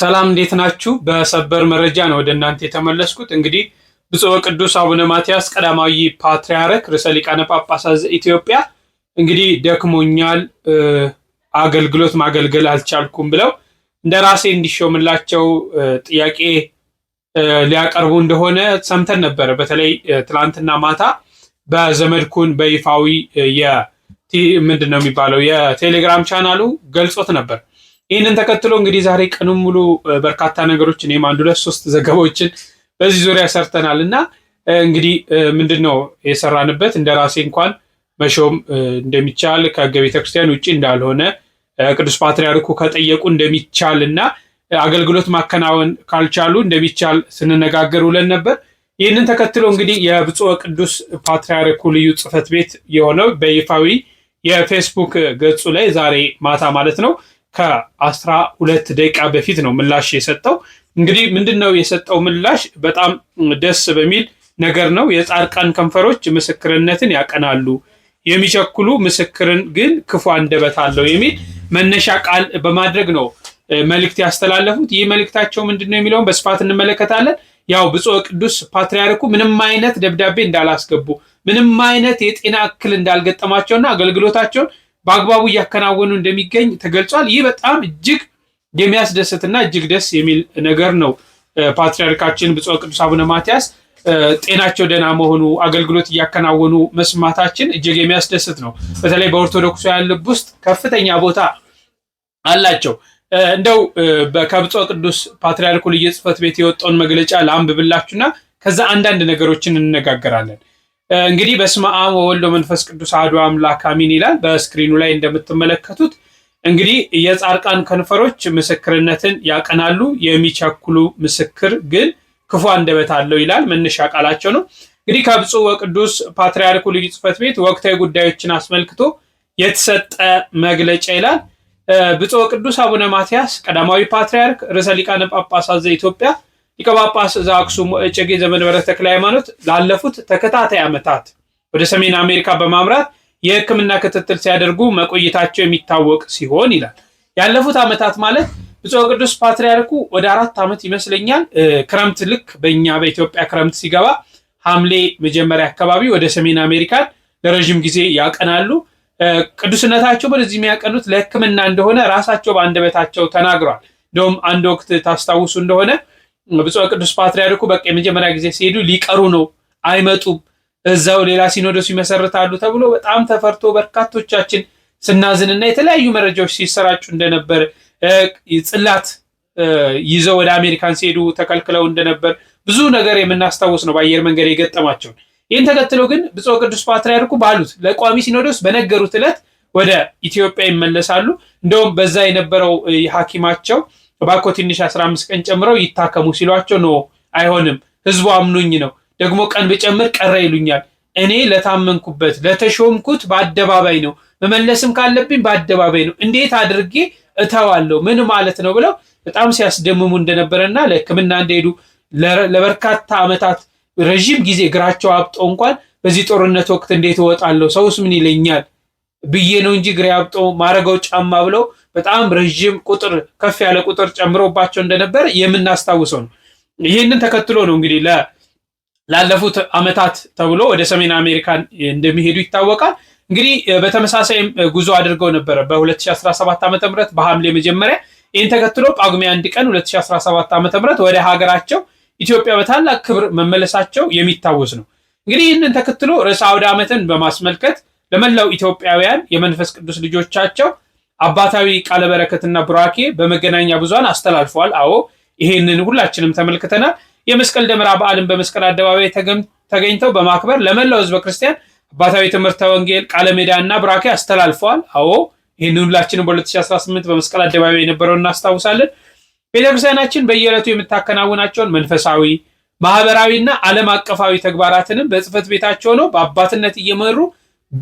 ሰላም እንዴት ናችሁ? በሰበር መረጃ ነው ወደ እናንተ የተመለስኩት። እንግዲህ ብፁዕ ወቅዱስ አቡነ ማትያስ ቀዳማዊ ፓትርያርክ ርዕሰ ሊቃነ ጳጳሳት ኢትዮጵያ እንግዲህ ደክሞኛል፣ አገልግሎት ማገልገል አልቻልኩም ብለው እንደ ራሴ እንዲሾምላቸው ጥያቄ ሊያቀርቡ እንደሆነ ሰምተን ነበረ። በተለይ ትላንትና ማታ በዘመድኩን በይፋዊ ምንድነው ነው የሚባለው የቴሌግራም ቻናሉ ገልጾት ነበር። ይህንን ተከትሎ እንግዲህ ዛሬ ቀኑን ሙሉ በርካታ ነገሮች ይህም አንድ ሁለት ሶስት ዘገባዎችን በዚህ ዙሪያ ሰርተናል እና እንግዲህ ምንድን ነው የሰራንበት እንደ ራሴ እንኳን መሾም እንደሚቻል ከሕገ ቤተክርስቲያን ውጭ እንዳልሆነ ቅዱስ ፓትርያርኩ ከጠየቁ እንደሚቻል እና አገልግሎት ማከናወን ካልቻሉ እንደሚቻል ስንነጋገር ውለን ነበር። ይህንን ተከትሎ እንግዲህ የብፁዕ ቅዱስ ፓትርያርኩ ልዩ ጽሕፈት ቤት የሆነው በይፋዊ የፌስቡክ ገጹ ላይ ዛሬ ማታ ማለት ነው ከአስራ ሁለት ደቂቃ በፊት ነው ምላሽ የሰጠው። እንግዲህ ምንድን ነው የሰጠው ምላሽ? በጣም ደስ በሚል ነገር ነው። የጻድቃን ከንፈሮች ምስክርነትን ያቀናሉ፣ የሚቸኩሉ ምስክርን ግን ክፉ አንደበት አለው የሚል መነሻ ቃል በማድረግ ነው መልእክት ያስተላለፉት። ይህ መልእክታቸው ምንድን ነው የሚለውን በስፋት እንመለከታለን። ያው ብፁዕ ቅዱስ ፓትርያርኩ ምንም አይነት ደብዳቤ እንዳላስገቡ ምንም አይነት የጤና እክል እንዳልገጠማቸውና አገልግሎታቸውን በአግባቡ እያከናወኑ እንደሚገኝ ተገልጿል። ይህ በጣም እጅግ የሚያስደስትና እጅግ ደስ የሚል ነገር ነው። ፓትሪያርካችን ብፁዕ ቅዱስ አቡነ ማትያስ ጤናቸው ደህና መሆኑ አገልግሎት እያከናወኑ መስማታችን እጅግ የሚያስደስት ነው። በተለይ በኦርቶዶክሳውያን ልብ ውስጥ ከፍተኛ ቦታ አላቸው። እንደው ከብፁዕ ቅዱስ ፓትሪያርኩ ልዩ ጽሕፈት ቤት የወጣውን መግለጫ ለአንብብላችሁና ከዛ አንዳንድ ነገሮችን እንነጋገራለን። እንግዲህ በስመ አብ ወወልድ መንፈስ ቅዱስ አሐዱ አምላክ አሚን ይላል። በስክሪኑ ላይ እንደምትመለከቱት እንግዲህ የጻድቃን ከንፈሮች ምስክርነትን ያቀናሉ፣ የሚቸኩሉ ምስክር ግን ክፉ አንደበት አለው ይላል። መነሻ ቃላቸው ነው። እንግዲህ ከብፁዕ ወቅዱስ ፓትርያርኩ ልዩ ጽሕፈት ቤት ወቅታዊ ጉዳዮችን አስመልክቶ የተሰጠ መግለጫ ይላል። ብፁዕ ወቅዱስ አቡነ ማትያስ ቀዳማዊ ፓትርያርክ ርዕሰ ሊቃነ ጳጳሳት ዘኢትዮጵያ ሊቀ ጳጳስ ዘአክሱም ወእጨጌ ዘመንበረ ተክለ ሃይማኖት ላለፉት ተከታታይ ዓመታት ወደ ሰሜን አሜሪካ በማምራት የሕክምና ክትትል ሲያደርጉ መቆየታቸው የሚታወቅ ሲሆን ይላል። ያለፉት ዓመታት ማለት ብፁዕ ቅዱስ ፓትርያርኩ ወደ አራት ዓመት ይመስለኛል ክረምት ልክ በእኛ በኢትዮጵያ ክረምት ሲገባ ሐምሌ መጀመሪያ አካባቢ ወደ ሰሜን አሜሪካን ለረዥም ጊዜ ያቀናሉ። ቅዱስነታቸው ወደዚህ የሚያቀኑት ለሕክምና እንደሆነ ራሳቸው በአንደበታቸው ተናግሯል። እንደውም አንድ ወቅት ታስታውሱ እንደሆነ ብፁዕ ቅዱስ ፓትርያርኩ በቃ የመጀመሪያ ጊዜ ሲሄዱ ሊቀሩ ነው፣ አይመጡም፣ እዛው ሌላ ሲኖዶስ ይመሰርታሉ ተብሎ በጣም ተፈርቶ በርካቶቻችን ስናዝንና የተለያዩ መረጃዎች ሲሰራጩ እንደነበር ጽላት ይዘው ወደ አሜሪካን ሲሄዱ ተከልክለው እንደነበር ብዙ ነገር የምናስታውስ ነው፣ በአየር መንገድ የገጠማቸውን። ይህን ተከትሎ ግን ብፁዕ ቅዱስ ፓትርያርኩ ባሉት ለቋሚ ሲኖዶስ በነገሩት ዕለት ወደ ኢትዮጵያ ይመለሳሉ። እንደውም በዛ የነበረው ሐኪማቸው እባክዎ ትንሽ አስራ አምስት ቀን ጨምረው ይታከሙ ሲሏቸው ነው አይሆንም፣ ህዝቡ አምኖኝ ነው ደግሞ ቀን ብጨምር ቀረ ይሉኛል። እኔ ለታመንኩበት ለተሾምኩት በአደባባይ ነው መመለስም ካለብኝ በአደባባይ ነው። እንዴት አድርጌ እተዋለሁ? ምን ማለት ነው ብለው በጣም ሲያስደምሙ እንደነበረና ለሕክምና እንደሄዱ ለበርካታ ዓመታት ረዥም ጊዜ እግራቸው አብጦ እንኳን በዚህ ጦርነት ወቅት እንዴት እወጣለሁ ሰውስ ምን ይለኛል ብዬ ነው እንጂ እግሬ አብጦ ማረገው ጫማ ብለው በጣም ረዥም ቁጥር ከፍ ያለ ቁጥር ጨምሮባቸው እንደነበረ የምናስታውሰው ነው። ይህንን ተከትሎ ነው እንግዲህ ላለፉት ዓመታት ተብሎ ወደ ሰሜን አሜሪካ እንደሚሄዱ ይታወቃል። እንግዲህ በተመሳሳይም ጉዞ አድርገው ነበረ በ2017 ዓ ም በሐምሌ መጀመሪያ። ይህን ተከትሎ ጳጉሜ አንድ ቀን 2017 ዓ ም ወደ ሀገራቸው ኢትዮጵያ በታላቅ ክብር መመለሳቸው የሚታወስ ነው። እንግዲህ ይህንን ተከትሎ ርዕሰ አውደ ዓመትን በማስመልከት ለመላው ኢትዮጵያውያን የመንፈስ ቅዱስ ልጆቻቸው አባታዊ ቃለ በረከትና ቡራኬ በመገናኛ ብዙሃን አስተላልፈዋል። አዎ ይሄንን ሁላችንም ተመልክተናል። የመስቀል ደመራ በዓልን በመስቀል አደባባይ ተገኝተው በማክበር ለመላው ህዝበ ክርስቲያን አባታዊ ትምህርተ ወንጌል ቃለ ሜዳ እና ቡራኬ አስተላልፈዋል። አዎ ይህን ሁላችንም በ2018 በመስቀል አደባባይ የነበረው እናስታውሳለን። ቤተክርስቲያናችን በየዕለቱ የምታከናውናቸውን መንፈሳዊ ማህበራዊና ዓለም አቀፋዊ ተግባራትንም በጽህፈት ቤታቸው ነው በአባትነት እየመሩ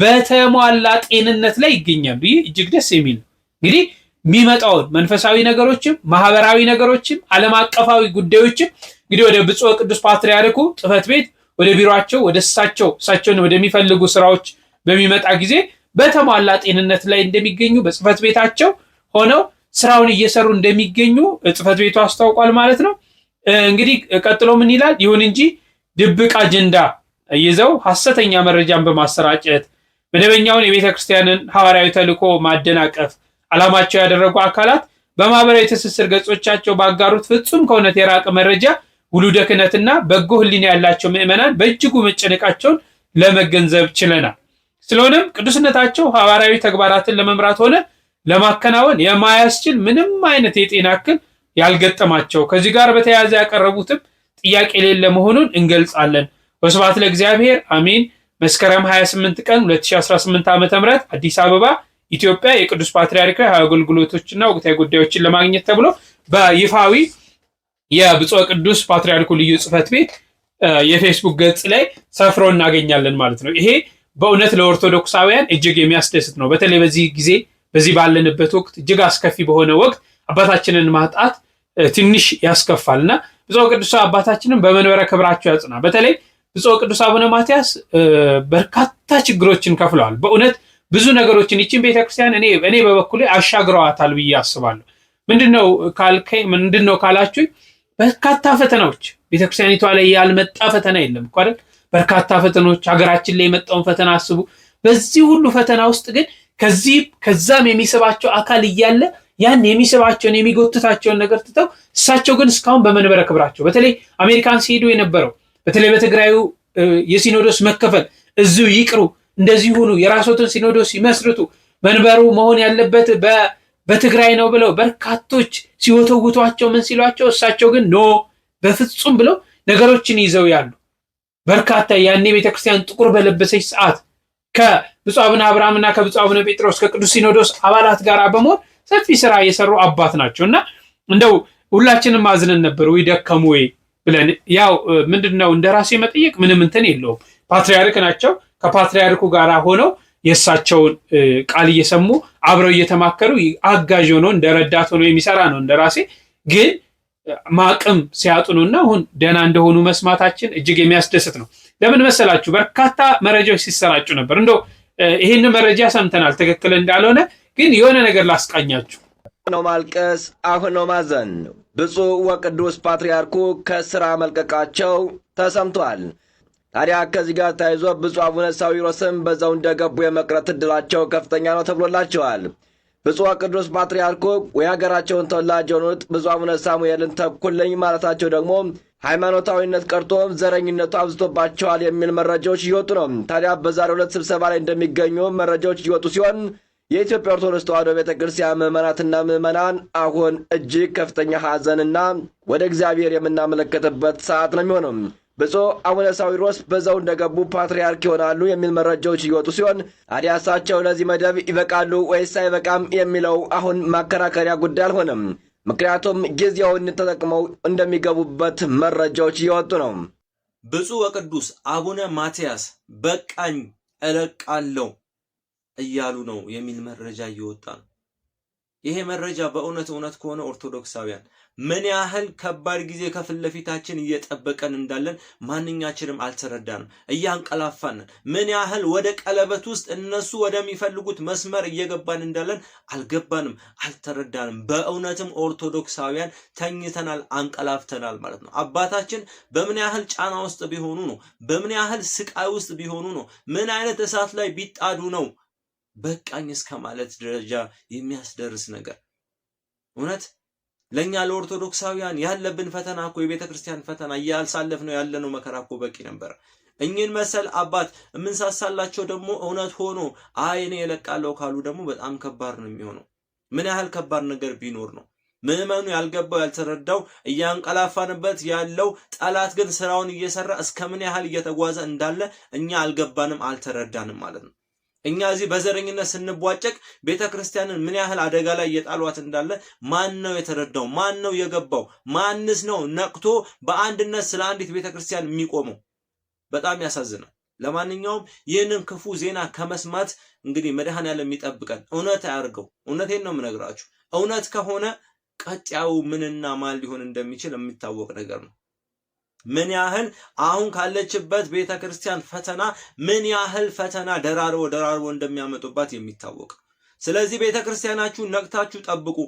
በተሟላ ጤንነት ላይ ይገኛሉ። ይህ እጅግ ደስ የሚል ነው። እንግዲህ የሚመጣውን መንፈሳዊ ነገሮችም ማህበራዊ ነገሮችም ዓለም አቀፋዊ ጉዳዮችም እንግዲህ ወደ ብፁዕ ቅዱስ ፓትርያርኩ ጽሕፈት ቤት ወደ ቢሮቸው ወደ እሳቸው እሳቸውን ወደሚፈልጉ ስራዎች በሚመጣ ጊዜ በተሟላ ጤንነት ላይ እንደሚገኙ በጽሕፈት ቤታቸው ሆነው ስራውን እየሰሩ እንደሚገኙ ጽሕፈት ቤቱ አስታውቋል ማለት ነው። እንግዲህ ቀጥሎ ምን ይላል? ይሁን እንጂ ድብቅ አጀንዳ ይዘው ሐሰተኛ መረጃን በማሰራጨት መደበኛውን የቤተ ክርስቲያንን ሐዋርያዊ ተልዕኮ ማደናቀፍ ዓላማቸው ያደረጉ አካላት በማህበራዊ ትስስር ገጾቻቸው ባጋሩት ፍጹም ከእውነት የራቀ መረጃ ውሉደ ክህነትና በጎ ህሊና ያላቸው ምዕመናን በእጅጉ መጨነቃቸውን ለመገንዘብ ችለናል። ስለሆነም ቅዱስነታቸው ሐዋርያዊ ተግባራትን ለመምራት ሆነ ለማከናወን የማያስችል ምንም አይነት የጤና እክል ያልገጠማቸው ከዚህ ጋር በተያያዘ ያቀረቡትም ጥያቄ የሌለ መሆኑን እንገልጻለን። ወስብሐት ለእግዚአብሔር አሜን። መስከረም 28 ቀን 2018 ም አዲስ አበባ ኢትዮጵያ የቅዱስ ፓትርያርካዊ አገልግሎቶችና ወቅታዊ ጉዳዮችን ለማግኘት ተብሎ በይፋዊ የብፁዕ ቅዱስ ፓትርያርኩ ልዩ ጽሕፈት ቤት የፌስቡክ ገጽ ላይ ሰፍሮ እናገኛለን ማለት ነው። ይሄ በእውነት ለኦርቶዶክሳውያን እጅግ የሚያስደስት ነው። በተለይ በዚህ ጊዜ በዚህ ባለንበት ወቅት እጅግ አስከፊ በሆነ ወቅት አባታችንን ማጣት ትንሽ ያስከፋል እና ብፁዕ ቅዱስ አባታችንን በመንበረ ክብራቸው ያጽና። በተለይ ብፁዕ ቅዱስ አቡነ ማትያስ በርካታ ችግሮችን ከፍለዋል። በእውነት ብዙ ነገሮችን ይችን ቤተክርስቲያን እኔ እኔ በበኩሌ አሻግረዋታል ብዬ አስባለሁ። ምንድነው ካልከኝ ምንድነው ካላችሁኝ በርካታ ፈተናዎች ቤተክርስቲያኒቷ ላይ ያልመጣ ፈተና የለም እኮ አይደል? በርካታ ፈተናዎች ሀገራችን ላይ የመጣውን ፈተና አስቡ። በዚህ ሁሉ ፈተና ውስጥ ግን ከዚህ ከዛም የሚስባቸው አካል እያለ ያን የሚስባቸውን የሚጎትታቸውን ነገር ትተው እሳቸው ግን እስካሁን በመንበረ ክብራቸው በተለይ አሜሪካን ሲሄዱ የነበረው በተለይ በትግራዩ የሲኖዶስ መከፈል እዚሁ ይቅሩ እንደዚህ ሁኑ፣ የራሶትን ሲኖዶስ ሲመስርቱ መንበሩ መሆን ያለበት በትግራይ ነው ብለው በርካቶች ሲወተውቷቸው ምን ሲሏቸው፣ እሳቸው ግን ኖ በፍጹም ብለው ነገሮችን ይዘው ያሉ በርካታ ያኔ ቤተክርስቲያን ጥቁር በለበሰች ሰዓት ከብፁዕ አቡነ አብርሃም እና ከብፁዕ አቡነ ጴጥሮስ ከቅዱስ ሲኖዶስ አባላት ጋር በመሆን ሰፊ ስራ የሰሩ አባት ናቸው እና እንደው ሁላችንም አዝነን ነበር ወይ ደከሙ ወይ ብለን ያው ምንድን ነው እንደ ራሴ መጠየቅ ምንም እንትን የለውም ፓትሪያርክ ናቸው ከፓትሪያርኩ ጋር ሆነው የእሳቸውን ቃል እየሰሙ አብረው እየተማከሩ አጋዥ ሆኖ እንደ ረዳት ሆኖ የሚሰራ ነው። እንደራሴ ግን ማቅም እና አሁን ደህና እንደሆኑ መስማታችን እጅግ የሚያስደስት ነው። ለምን መሰላችሁ? በርካታ መረጃዎች ሲሰራጩ ነበር። እንደው ይህን መረጃ ሰምተናል፣ ትክክል እንዳልሆነ ግን የሆነ ነገር ላስቃኛችሁ። አሁን ነው ማልቀስ፣ አሁን ነው ማዘን። ብፁዕ ወቅዱስ ፓትርያርኩ ከስራ መልቀቃቸው ተሰምቷል። ታዲያ ከዚህ ጋር ተያይዞ ብፁዕ አቡነ ሳዊሮስም በዛው እንደገቡ የመቅረት እድላቸው ከፍተኛ ነው ተብሎላቸዋል። ብፁዕ ቅዱስ ፓትርያርኩ የሀገራቸውን ተወላጅ የሆኑት ብፁዕ አቡነ ሳሙኤልን ተኩልኝ ማለታቸው ደግሞ ሃይማኖታዊነት ቀርቶ ዘረኝነቱ አብዝቶባቸዋል የሚል መረጃዎች እየወጡ ነው። ታዲያ በዛሬ ሁለት ስብሰባ ላይ እንደሚገኙ መረጃዎች እየወጡ ሲሆን የኢትዮጵያ ኦርቶዶክስ ተዋሕዶ ቤተ ክርስቲያን ምዕመናትና ምዕመናን አሁን እጅግ ከፍተኛ ሐዘንና ወደ እግዚአብሔር የምናመለከትበት ሰዓት ነው የሚሆነው። ብፁዕ አቡነ ሳዊሮስ በዛው እንደገቡ ፓትርያርክ ይሆናሉ የሚል መረጃዎች እየወጡ ሲሆን አዲያሳቸው ለዚህ መደብ ይበቃሉ ወይስ አይበቃም የሚለው አሁን ማከራከሪያ ጉዳይ አልሆነም። ምክንያቱም ጊዜውን ተጠቅመው እንደሚገቡበት መረጃዎች እየወጡ ነው። ብፁዕ ወቅዱስ አቡነ ማትያስ በቃኝ እለቃለው እያሉ ነው የሚል መረጃ እየወጣ ነው። ይሄ መረጃ በእውነት እውነት ከሆነ ኦርቶዶክሳውያን ምን ያህል ከባድ ጊዜ ከፊት ለፊታችን እየጠበቀን እንዳለን ማንኛችንም አልተረዳንም። እያንቀላፋንን፣ ምን ያህል ወደ ቀለበት ውስጥ እነሱ ወደሚፈልጉት መስመር እየገባን እንዳለን አልገባንም፣ አልተረዳንም። በእውነትም ኦርቶዶክሳውያን ተኝተናል፣ አንቀላፍተናል ማለት ነው። አባታችን በምን ያህል ጫና ውስጥ ቢሆኑ ነው፣ በምን ያህል ስቃይ ውስጥ ቢሆኑ ነው፣ ምን አይነት እሳት ላይ ቢጣዱ ነው በቃኝ እስከ ማለት ደረጃ የሚያስደርስ ነገር እውነት ለኛ ለኦርቶዶክሳውያን ያለብን ፈተና እኮ የቤተ ክርስቲያን ፈተና እያሳለፍነው ያለነው መከራ እኮ በቂ ነበር። እኝን መሰል አባት የምንሳሳላቸው ደግሞ እውነት ሆኖ አይ እኔ የለቃለው ካሉ ደግሞ በጣም ከባድ ነው የሚሆነው። ምን ያህል ከባድ ነገር ቢኖር ነው ምዕመኑ ያልገባው ያልተረዳው እያንቀላፋንበት ያለው ጠላት ግን ስራውን እየሰራ እስከምን ያህል እየተጓዘ እንዳለ እኛ አልገባንም አልተረዳንም ማለት ነው። እኛ እዚህ በዘረኝነት ስንቧጨቅ ቤተ ክርስቲያንን ምን ያህል አደጋ ላይ እየጣሏት እንዳለ ማን ነው የተረዳው? ማን ነው የገባው? ማንስ ነው ነቅቶ በአንድነት ስለ አንዲት ቤተ ክርስቲያን የሚቆመው? በጣም ያሳዝናል። ለማንኛውም ይህንን ክፉ ዜና ከመስማት እንግዲህ መድኃኔዓለም የሚጠብቀን እውነት አያርገው። እውነቴን ነው የምነግራችሁ። እውነት ከሆነ ቀጣዩ ምንና ማን ሊሆን እንደሚችል የሚታወቅ ነገር ነው። ምን ያህል አሁን ካለችበት ቤተ ክርስቲያን ፈተና ምን ያህል ፈተና ደራርቦ ደራርቦ እንደሚያመጡባት የሚታወቅ። ስለዚህ ቤተ ክርስቲያናችሁ ነቅታችሁ ጠብቁ።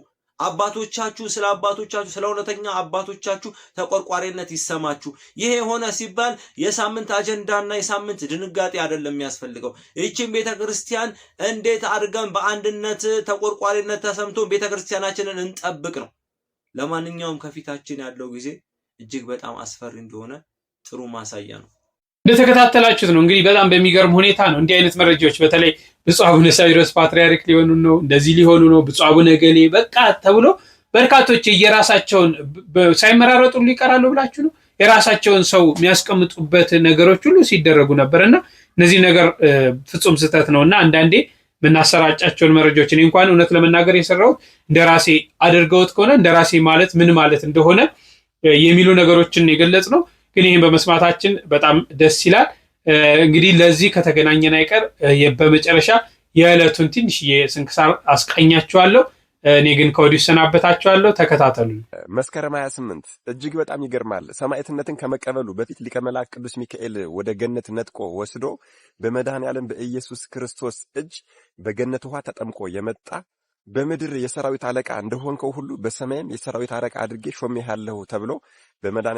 አባቶቻችሁ ስለ አባቶቻችሁ ስለ እውነተኛ አባቶቻችሁ ተቆርቋሪነት ይሰማችሁ። ይሄ የሆነ ሲባል የሳምንት አጀንዳና የሳምንት ድንጋጤ አይደለም የሚያስፈልገው። ይህችን ቤተ ክርስቲያን እንዴት አድርገን በአንድነት ተቆርቋሪነት ተሰምቶ ቤተ ክርስቲያናችንን እንጠብቅ ነው። ለማንኛውም ከፊታችን ያለው ጊዜ እጅግ በጣም አስፈሪ እንደሆነ ጥሩ ማሳያ ነው። እንደተከታተላችሁት ነው እንግዲህ በጣም በሚገርም ሁኔታ ነው እንዲህ አይነት መረጃዎች በተለይ ብፁዕ አቡነ ሳዊሮስ ፓትሪያርክ ሊሆኑ ነው፣ እንደዚህ ሊሆኑ ነው፣ ብፁዕ አቡነ ገሌ በቃ ተብሎ በርካቶች የራሳቸውን ሳይመራረጡ ይቀራሉ ብላችሁ ነው የራሳቸውን ሰው የሚያስቀምጡበት ነገሮች ሁሉ ሲደረጉ ነበር እና እነዚህ ነገር ፍጹም ስህተት ነው እና አንዳንዴ የምናሰራጫቸውን መረጃዎች እኔ እንኳን እውነት ለመናገር የሰራሁት እንደራሴ አድርገውት ከሆነ እንደራሴ ማለት ምን ማለት እንደሆነ የሚሉ ነገሮችን የገለጽ ነው። ግን ይህን በመስማታችን በጣም ደስ ይላል። እንግዲህ ለዚህ ከተገናኘን አይቀር በመጨረሻ የዕለቱን ትንሽ የስንክሳር አስቃኛችኋለሁ። እኔ ግን ከወዲሁ ሰናበታችኋለሁ። ተከታተሉ። መስከረም 28 እጅግ በጣም ይገርማል። ሰማዕትነትን ከመቀበሉ በፊት ሊቀ መላእክት ቅዱስ ሚካኤል ወደ ገነት ነጥቆ ወስዶ በመድኃኔ ዓለም በኢየሱስ ክርስቶስ እጅ በገነት ውሃ ተጠምቆ የመጣ በምድር የሰራዊት አለቃ እንደሆንከው ሁሉ በሰማይም የሰራዊት አለቃ አድርጌ ሾሜሃለሁ ተብሎ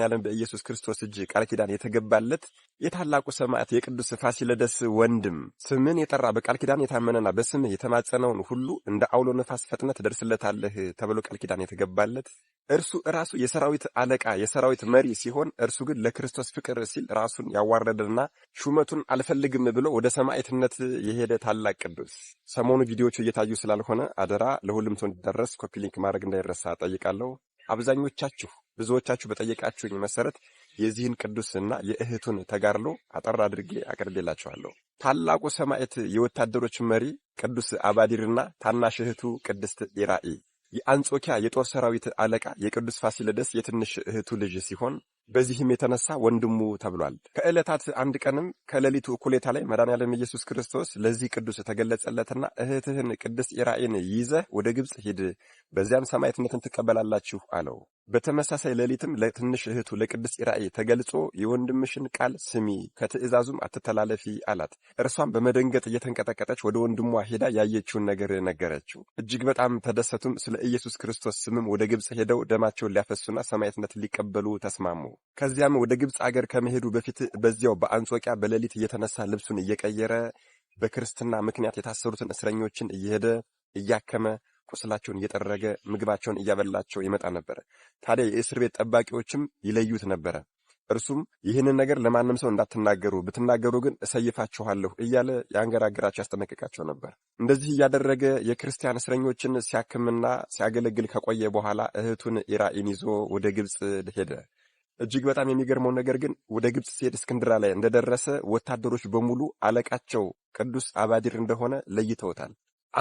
ያለም በኢየሱስ ክርስቶስ እጅ ቃል ኪዳን የተገባለት የታላቁ ሰማዕት የቅዱስ ፋሲለደስ ወንድም ስምን የጠራ በቃል ኪዳን የታመነና በስምህ የተማጸነውን ሁሉ እንደ አውሎ ነፋስ ፈጥነት ደርስለታለህ ተብሎ ቃል ኪዳን የተገባለት እርሱ ራሱ የሰራዊት አለቃ የሰራዊት መሪ ሲሆን እርሱ ግን ለክርስቶስ ፍቅር ሲል ራሱን ያዋረደና ሹመቱን አልፈልግም ብሎ ወደ ሰማዕትነት የሄደ ታላቅ ቅዱስ። ሰሞኑ ቪዲዮቹ እየታዩ ስላልሆነ አደራ ለሁሉም ሰው እንዲደረስ ኮፒ ሊንክ ማድረግ እንዳይረሳ ጠይቃለሁ። አብዛኞቻችሁ ብዙዎቻችሁ በጠየቃችሁኝ መሰረት የዚህን ቅዱስና የእህቱን ተጋድሎ አጠር አድርጌ አቅርቤላችኋለሁ። ታላቁ ሰማዕት የወታደሮች መሪ ቅዱስ አባዲርና ታናሽ እህቱ ቅድስት ኢራኢ የአንጾኪያ የጦር ሰራዊት አለቃ የቅዱስ ፋሲለደስ የትንሽ እህቱ ልጅ ሲሆን በዚህም የተነሳ ወንድሙ ተብሏል። ከዕለታት አንድ ቀንም ከሌሊቱ እኩሌታ ላይ መድኃኔዓለም ኢየሱስ ክርስቶስ ለዚህ ቅዱስ ተገለጸለትና እህትህን ቅድስት ኢራኤን ይዘህ ወደ ግብፅ ሂድ፣ በዚያም ሰማዕትነትን ትቀበላላችሁ አለው። በተመሳሳይ ሌሊትም ለትንሽ እህቱ ለቅድስት ኢራኤ ተገልጾ የወንድምሽን ቃል ስሚ፣ ከትእዛዙም አትተላለፊ አላት። እርሷም በመደንገጥ እየተንቀጠቀጠች ወደ ወንድሟ ሄዳ ያየችውን ነገር ነገረችው። እጅግ በጣም ተደሰቱም። ስለ ኢየሱስ ክርስቶስ ስምም ወደ ግብፅ ሄደው ደማቸውን ሊያፈሱና ሰማይትነት ሊቀበሉ ተስማሙ። ከዚያም ወደ ግብፅ አገር ከመሄዱ በፊት በዚያው በአንጾቂያ በሌሊት እየተነሳ ልብሱን እየቀየረ በክርስትና ምክንያት የታሰሩትን እስረኞችን እየሄደ እያከመ ቁስላቸውን እየጠረገ ምግባቸውን እያበላቸው ይመጣ ነበረ። ታዲያ የእስር ቤት ጠባቂዎችም ይለዩት ነበረ። እርሱም ይህንን ነገር ለማንም ሰው እንዳትናገሩ፣ ብትናገሩ ግን እሰይፋችኋለሁ እያለ የአንገራገራቸው ያስጠነቅቃቸው ነበር። እንደዚህ እያደረገ የክርስቲያን እስረኞችን ሲያክምና ሲያገለግል ከቆየ በኋላ እህቱን ኢራኢን ይዞ ወደ ግብፅ ሄደ። እጅግ በጣም የሚገርመው ነገር ግን ወደ ግብፅ ሲሄድ እስክንድራ ላይ እንደደረሰ ወታደሮች በሙሉ አለቃቸው ቅዱስ አባዲር እንደሆነ ለይተውታል።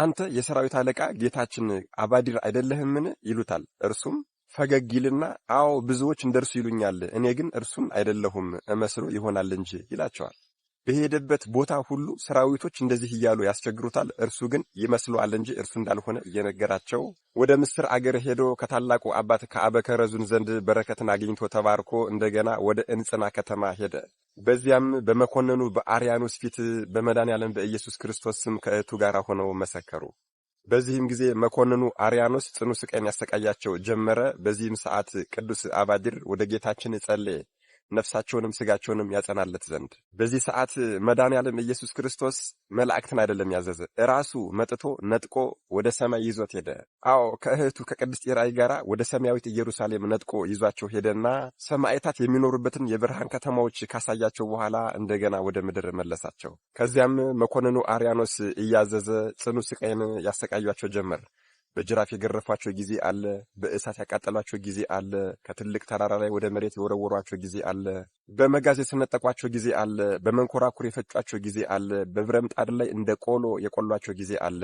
አንተ የሰራዊት አለቃ ጌታችን አባዲር አይደለህምን? ይሉታል። እርሱም ፈገግ ይልና አዎ ብዙዎች እንደርሱ ይሉኛል፣ እኔ ግን እርሱን አይደለሁም እመስሎ ይሆናል እንጂ ይላቸዋል። በሄደበት ቦታ ሁሉ ሰራዊቶች እንደዚህ እያሉ ያስቸግሩታል። እርሱ ግን ይመስለዋል እንጂ እርሱ እንዳልሆነ እየነገራቸው ወደ ምስር አገር ሄዶ ከታላቁ አባት ከአበከረዙን ዘንድ በረከትን አግኝቶ ተባርኮ እንደገና ወደ እንጽና ከተማ ሄደ። በዚያም በመኮንኑ በአርያኖስ ፊት በመድኃኔዓለም በኢየሱስ ክርስቶስ ስም ከእህቱ ጋር ሆነው መሰከሩ። በዚህም ጊዜ መኮንኑ አርያኖስ ጽኑ ስቃይን ያሰቃያቸው ጀመረ። በዚህም ሰዓት ቅዱስ አባዲር ወደ ጌታችን ጸለየ። ነፍሳቸውንም ስጋቸውንም ያጸናለት ዘንድ። በዚህ ሰዓት መድኃኔ ኢየሱስ ክርስቶስ መላእክትን አይደለም ያዘዘ፣ ራሱ መጥቶ ነጥቆ ወደ ሰማይ ይዞት ሄደ። አዎ ከእህቱ ከቅድስት ራእይ ጋር ወደ ሰማያዊት ኢየሩሳሌም ነጥቆ ይዟቸው ሄደና ሰማዕታት የሚኖሩበትን የብርሃን ከተማዎች ካሳያቸው በኋላ እንደገና ወደ ምድር መለሳቸው። ከዚያም መኮንኑ አርያኖስ እያዘዘ ጽኑ ስቃይን ያሰቃያቸው ጀመር። በጅራፍ የገረፏቸው ጊዜ አለ። በእሳት ያቃጠሏቸው ጊዜ አለ። ከትልቅ ተራራ ላይ ወደ መሬት የወረወሯቸው ጊዜ አለ። በመጋዝ የሰነጠቋቸው ጊዜ አለ። በመንኮራኩር የፈጯቸው ጊዜ አለ። በብረምጣድ ላይ እንደ ቆሎ የቆሏቸው ጊዜ አለ።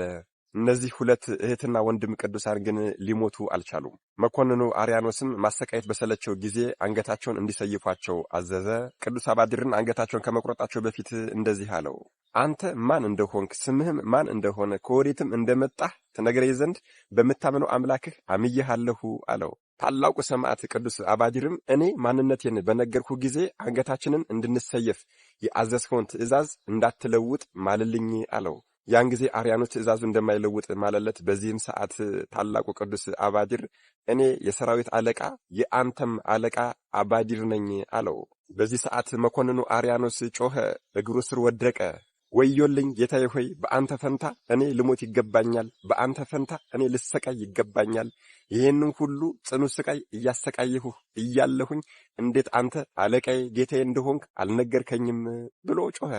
እነዚህ ሁለት እህትና ወንድም ቅዱሳን ግን ሊሞቱ አልቻሉም። መኮንኑ አርያኖስም ማሰቃየት በሰለቸው ጊዜ አንገታቸውን እንዲሰይፏቸው አዘዘ። ቅዱስ አባድርን አንገታቸውን ከመቁረጣቸው በፊት እንደዚህ አለው፣ አንተ ማን እንደሆንክ ስምህም ማን እንደሆነ ከወዴትም እንደመጣህ ትነግረኝ ዘንድ በምታምነው አምላክህ አምይሃለሁ አለው። ታላቁ ሰማዕት ቅዱስ አባዲርም እኔ ማንነቴን በነገርኩ ጊዜ አንገታችንን እንድንሰየፍ የአዘዝኸውን ትእዛዝ እንዳትለውጥ ማልልኝ አለው። ያን ጊዜ አርያኑ ትእዛዙ እንደማይለውጥ ማለለት። በዚህም ሰዓት ታላቁ ቅዱስ አባዲር እኔ የሰራዊት አለቃ የአንተም አለቃ አባዲር ነኝ አለው። በዚህ ሰዓት መኮንኑ አርያኖስ ጮኸ፣ እግሩ ስር ወደቀ። ወዮልኝ ጌታዬ ሆይ በአንተ ፈንታ እኔ ልሞት ይገባኛል፣ በአንተ ፈንታ እኔ ልሰቃይ ይገባኛል። ይህንን ሁሉ ጽኑ ስቃይ እያሰቃየሁህ እያለሁኝ እንዴት አንተ አለቃዬ ጌታዬ እንደሆንክ አልነገርከኝም ብሎ ጮኸ።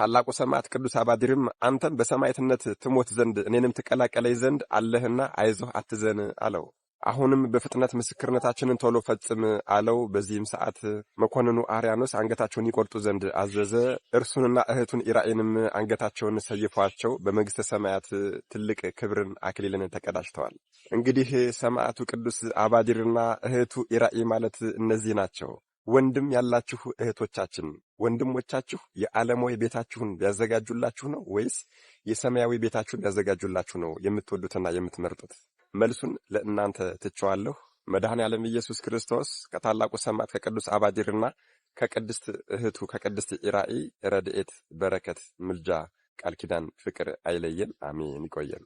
ታላቁ ሰማዕት ቅዱስ አባዲርም አንተም በሰማዕትነት ትሞት ዘንድ እኔንም ትቀላቀለኝ ዘንድ አለህና አይዞህ አትዘን አለው። አሁንም በፍጥነት ምስክርነታችንን ቶሎ ፈጽም አለው። በዚህም ሰዓት መኮንኑ አርያኖስ አንገታቸውን ይቆርጡ ዘንድ አዘዘ። እርሱንና እህቱን ኢራኤንም አንገታቸውን ሰይፏቸው በመንግሥተ ሰማያት ትልቅ ክብርን አክሊልን ተቀዳጅተዋል። እንግዲህ ሰማዕቱ ቅዱስ አባዲርና እህቱ ኢራኤ ማለት እነዚህ ናቸው። ወንድም ያላችሁ እህቶቻችን፣ ወንድሞቻችሁ የዓለማዊ ቤታችሁን ቢያዘጋጁላችሁ ነው ወይስ የሰማያዊ ቤታችሁን ቢያዘጋጁላችሁ ነው የምትወዱትና የምትመርጡት? መልሱን ለእናንተ ትቸዋለሁ። መድኃኔ ዓለም ኢየሱስ ክርስቶስ ከታላቁ ሰማዕት ከቅዱስ አባዲርና ከቅድስት እህቱ ከቅድስት ኢራኢ ረድኤት፣ በረከት፣ ምልጃ፣ ቃል ኪዳን፣ ፍቅር አይለየን። አሜን። ይቆየን።